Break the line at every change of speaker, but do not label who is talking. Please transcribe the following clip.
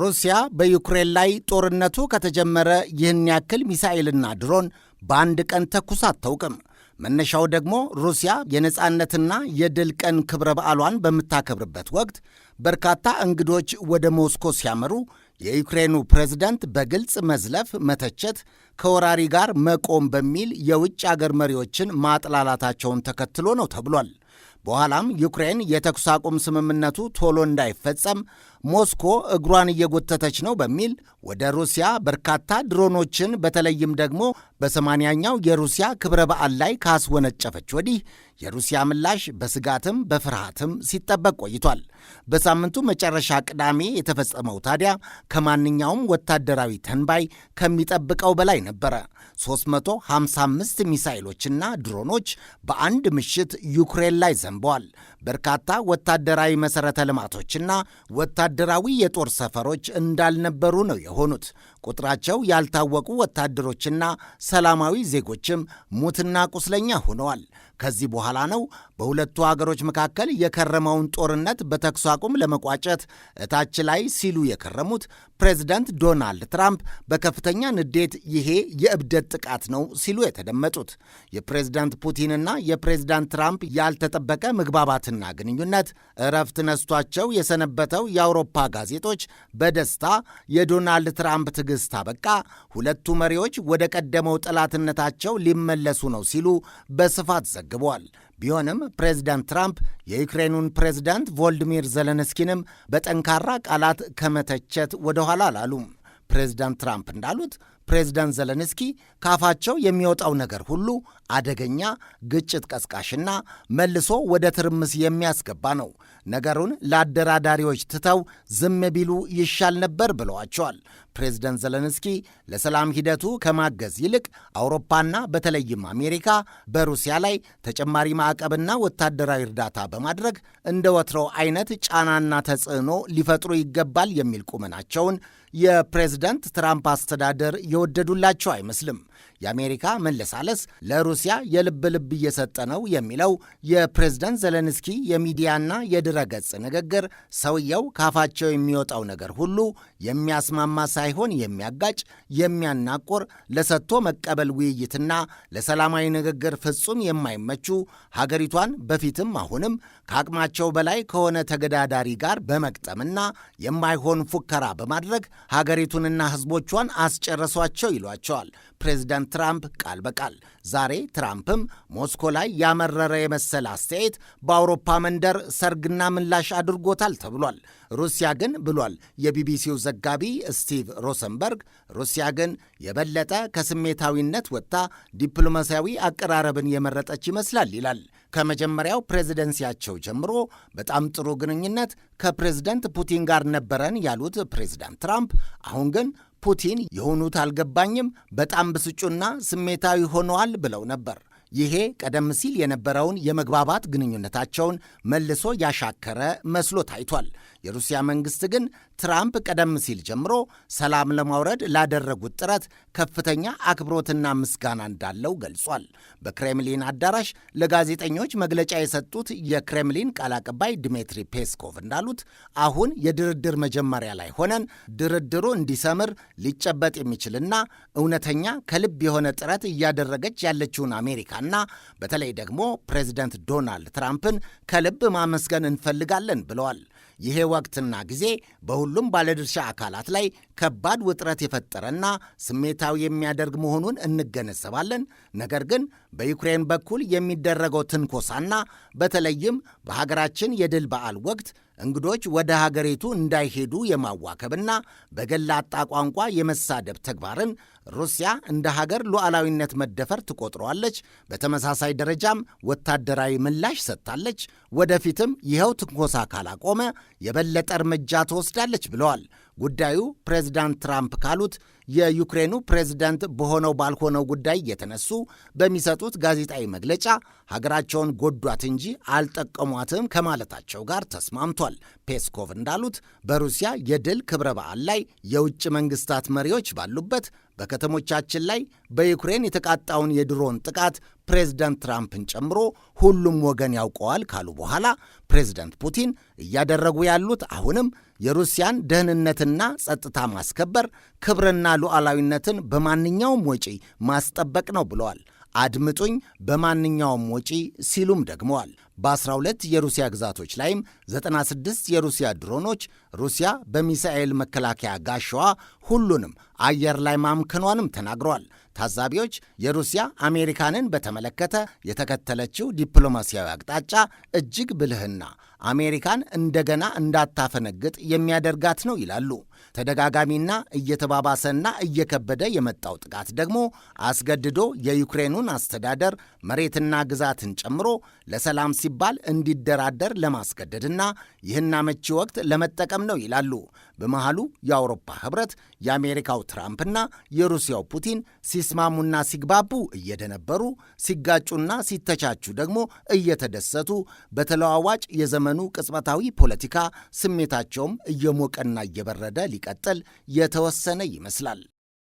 ሩሲያ በዩክሬን ላይ ጦርነቱ ከተጀመረ ይህን ያክል ሚሳኤልና ድሮን በአንድ ቀን ተኩስ አታውቅም። መነሻው ደግሞ ሩሲያ የነፃነትና የድል ቀን ክብረ በዓሏን በምታከብርበት ወቅት በርካታ እንግዶች ወደ ሞስኮ ሲያመሩ የዩክሬኑ ፕሬዝዳንት በግልጽ መዝለፍ፣ መተቸት፣ ከወራሪ ጋር መቆም በሚል የውጭ አገር መሪዎችን ማጥላላታቸውን ተከትሎ ነው ተብሏል። በኋላም ዩክሬን የተኩስ አቁም ስምምነቱ ቶሎ እንዳይፈጸም ሞስኮ እግሯን እየጎተተች ነው በሚል ወደ ሩሲያ በርካታ ድሮኖችን በተለይም ደግሞ በሰማንያኛው የሩሲያ ክብረ በዓል ላይ ካስወነጨፈች ወዲህ የሩሲያ ምላሽ በስጋትም በፍርሃትም ሲጠበቅ ቆይቷል። በሳምንቱ መጨረሻ ቅዳሜ የተፈጸመው ታዲያ ከማንኛውም ወታደራዊ ተንባይ ከሚጠብቀው በላይ ነበረ። 355 ሚሳይሎችና ድሮኖች በአንድ ምሽት ዩክሬን ላይ ዘንበዋል። በርካታ ወታደራዊ መሠረተ ልማቶችና ወታደራዊ የጦር ሰፈሮች እንዳልነበሩ ነው የሆኑት። ቁጥራቸው ያልታወቁ ወታደሮችና ሰላማዊ ዜጎችም ሙትና ቁስለኛ ሆነዋል። ከዚህ በኋላ ነው በሁለቱ አገሮች መካከል የከረመውን ጦርነት በተኩስ አቁም ለመቋጨት እታች ላይ ሲሉ የከረሙት ፕሬዚዳንት ዶናልድ ትራምፕ በከፍተኛ ንዴት ይሄ የእብደት ጥቃት ነው ሲሉ የተደመጡት። የፕሬዚዳንት ፑቲንና የፕሬዚዳንት ትራምፕ ያልተጠበቀ መግባባትና ግንኙነት እረፍት ነስቷቸው የሰነበተው የአውሮፓ ጋዜጦች በደስታ የዶናልድ ትራምፕ ትዕግስት አበቃ፣ ሁለቱ መሪዎች ወደ ቀደመው ጠላትነታቸው ሊመለሱ ነው ሲሉ በስፋት ዘግ ዘግቧል። ቢሆንም ፕሬዚዳንት ትራምፕ የዩክሬኑን ፕሬዚዳንት ቮልዲሚር ዘለንስኪንም በጠንካራ ቃላት ከመተቸት ወደኋላ አላሉም። ፕሬዚዳንት ትራምፕ እንዳሉት ፕሬዝደንት ዘለንስኪ ካፋቸው የሚወጣው ነገር ሁሉ አደገኛ፣ ግጭት ቀስቃሽና መልሶ ወደ ትርምስ የሚያስገባ ነው፣ ነገሩን ለአደራዳሪዎች ትተው ዝም ቢሉ ይሻል ነበር ብለዋቸዋል። ፕሬዝደንት ዘለንስኪ ለሰላም ሂደቱ ከማገዝ ይልቅ አውሮፓና በተለይም አሜሪካ በሩሲያ ላይ ተጨማሪ ማዕቀብና ወታደራዊ እርዳታ በማድረግ እንደ ወትሮው አይነት ጫናና ተጽዕኖ ሊፈጥሩ ይገባል የሚል ቁመናቸውን የፕሬዝደንት ትራምፕ አስተዳደር የወደዱላቸው አይመስልም። የአሜሪካ መለሳለስ ለሩሲያ የልብ ልብ እየሰጠ ነው የሚለው የፕሬዝደንት ዘለንስኪ የሚዲያና ገጽ ንግግር ሰውየው ካፋቸው የሚወጣው ነገር ሁሉ የሚያስማማ ሳይሆን የሚያጋጭ፣ የሚያናቁር፣ ለሰጥቶ መቀበል ውይይትና ለሰላማዊ ንግግር ፍጹም የማይመቹ ሀገሪቷን በፊትም አሁንም ከአቅማቸው በላይ ከሆነ ተገዳዳሪ ጋር በመቅጠምና የማይሆን ፉከራ በማድረግ ሀገሪቱንና ሕዝቦቿን አስጨረሷቸው ይሏቸዋል ፕሬዚዳንት ትራምፕ ቃል በቃል። ዛሬ ትራምፕም ሞስኮ ላይ ያመረረ የመሰለ አስተያየት በአውሮፓ መንደር ሰርግና ምላሽ አድርጎታል ተብሏል። ሩሲያ ግን ብሏል የቢቢሲው ዘጋቢ ስቲቭ ሮሰንበርግ፣ ሩሲያ ግን የበለጠ ከስሜታዊነት ወጥታ ዲፕሎማሲያዊ አቀራረብን የመረጠች ይመስላል ይላል። ከመጀመሪያው ፕሬዝደንሲያቸው ጀምሮ በጣም ጥሩ ግንኙነት ከፕሬዝደንት ፑቲን ጋር ነበረን ያሉት ፕሬዝዳንት ትራምፕ አሁን ግን ፑቲን የሆኑት አልገባኝም፣ በጣም ብስጩና ስሜታዊ ሆነዋል ብለው ነበር። ይሄ ቀደም ሲል የነበረውን የመግባባት ግንኙነታቸውን መልሶ ያሻከረ መስሎ ታይቷል። የሩሲያ መንግስት ግን ትራምፕ ቀደም ሲል ጀምሮ ሰላም ለማውረድ ላደረጉት ጥረት ከፍተኛ አክብሮትና ምስጋና እንዳለው ገልጿል። በክሬምሊን አዳራሽ ለጋዜጠኞች መግለጫ የሰጡት የክሬምሊን ቃል አቀባይ ድሜትሪ ፔስኮቭ እንዳሉት አሁን የድርድር መጀመሪያ ላይ ሆነን ድርድሩ እንዲሰምር ሊጨበጥ የሚችልና እውነተኛ ከልብ የሆነ ጥረት እያደረገች ያለችውን አሜሪካና በተለይ ደግሞ ፕሬዚደንት ዶናልድ ትራምፕን ከልብ ማመስገን እንፈልጋለን ብለዋል። ይሄ ወቅትና ጊዜ በሁሉም ባለድርሻ አካላት ላይ ከባድ ውጥረት የፈጠረና ስሜታዊ የሚያደርግ መሆኑን እንገነዘባለን። ነገር ግን በዩክሬን በኩል የሚደረገው ትንኮሳና በተለይም በሀገራችን የድል በዓል ወቅት እንግዶች ወደ ሀገሪቱ እንዳይሄዱ የማዋከብና በገላጣ ቋንቋ የመሳደብ ተግባርን ሩሲያ እንደ ሀገር ሉዓላዊነት መደፈር ትቆጥረዋለች። በተመሳሳይ ደረጃም ወታደራዊ ምላሽ ሰጥታለች። ወደፊትም ይኸው ትንኮሳ ካላቆመ የበለጠ እርምጃ ትወስዳለች ብለዋል። ጉዳዩ ፕሬዝዳንት ትራምፕ ካሉት የዩክሬኑ ፕሬዝዳንት በሆነው ባልሆነው ጉዳይ የተነሱ በሚሰጡት ጋዜጣዊ መግለጫ ሀገራቸውን ጎዷት እንጂ አልጠቀሟትም ከማለታቸው ጋር ተስማምቷል። ፔስኮቭ እንዳሉት በሩሲያ የድል ክብረ በዓል ላይ የውጭ መንግስታት መሪዎች ባሉበት በከተሞቻችን ላይ በዩክሬን የተቃጣውን የድሮን ጥቃት ፕሬዝዳንት ትራምፕን ጨምሮ ሁሉም ወገን ያውቀዋል ካሉ በኋላ ፕሬዝዳንት ፑቲን እያደረጉ ያሉት አሁንም የሩሲያን ደህንነትና ጸጥታ ማስከበር፣ ክብርና ሉዓላዊነትን በማንኛውም ወጪ ማስጠበቅ ነው ብለዋል። አድምጡኝ፣ በማንኛውም ወጪ ሲሉም ደግመዋል። በ12 የሩሲያ ግዛቶች ላይም 96 የሩሲያ ድሮኖች ሩሲያ በሚሳኤል መከላከያ ጋሻዋ ሁሉንም አየር ላይ ማምከኗንም ተናግረዋል። ታዛቢዎች የሩሲያ አሜሪካንን በተመለከተ የተከተለችው ዲፕሎማሲያዊ አቅጣጫ እጅግ ብልህና አሜሪካን እንደገና እንዳታፈነግጥ የሚያደርጋት ነው ይላሉ። ተደጋጋሚና እየተባባሰና እየከበደ የመጣው ጥቃት ደግሞ አስገድዶ የዩክሬኑን አስተዳደር መሬትና ግዛትን ጨምሮ ለሰላም ሲባል እንዲደራደር ለማስገደድና ይህን አመቺ ወቅት ለመጠቀም ነው ይላሉ። በመሃሉ የአውሮፓ ህብረት፣ የአሜሪካው ትራምፕና የሩሲያው ፑቲን ሲስማሙና ሲግባቡ እየደነበሩ ሲጋጩና ሲተቻቹ ደግሞ እየተደሰቱ በተለዋዋጭ የዘመኑ ቅጽበታዊ ፖለቲካ ስሜታቸውም እየሞቀና እየበረደ ሊቀጥል የተወሰነ ይመስላል።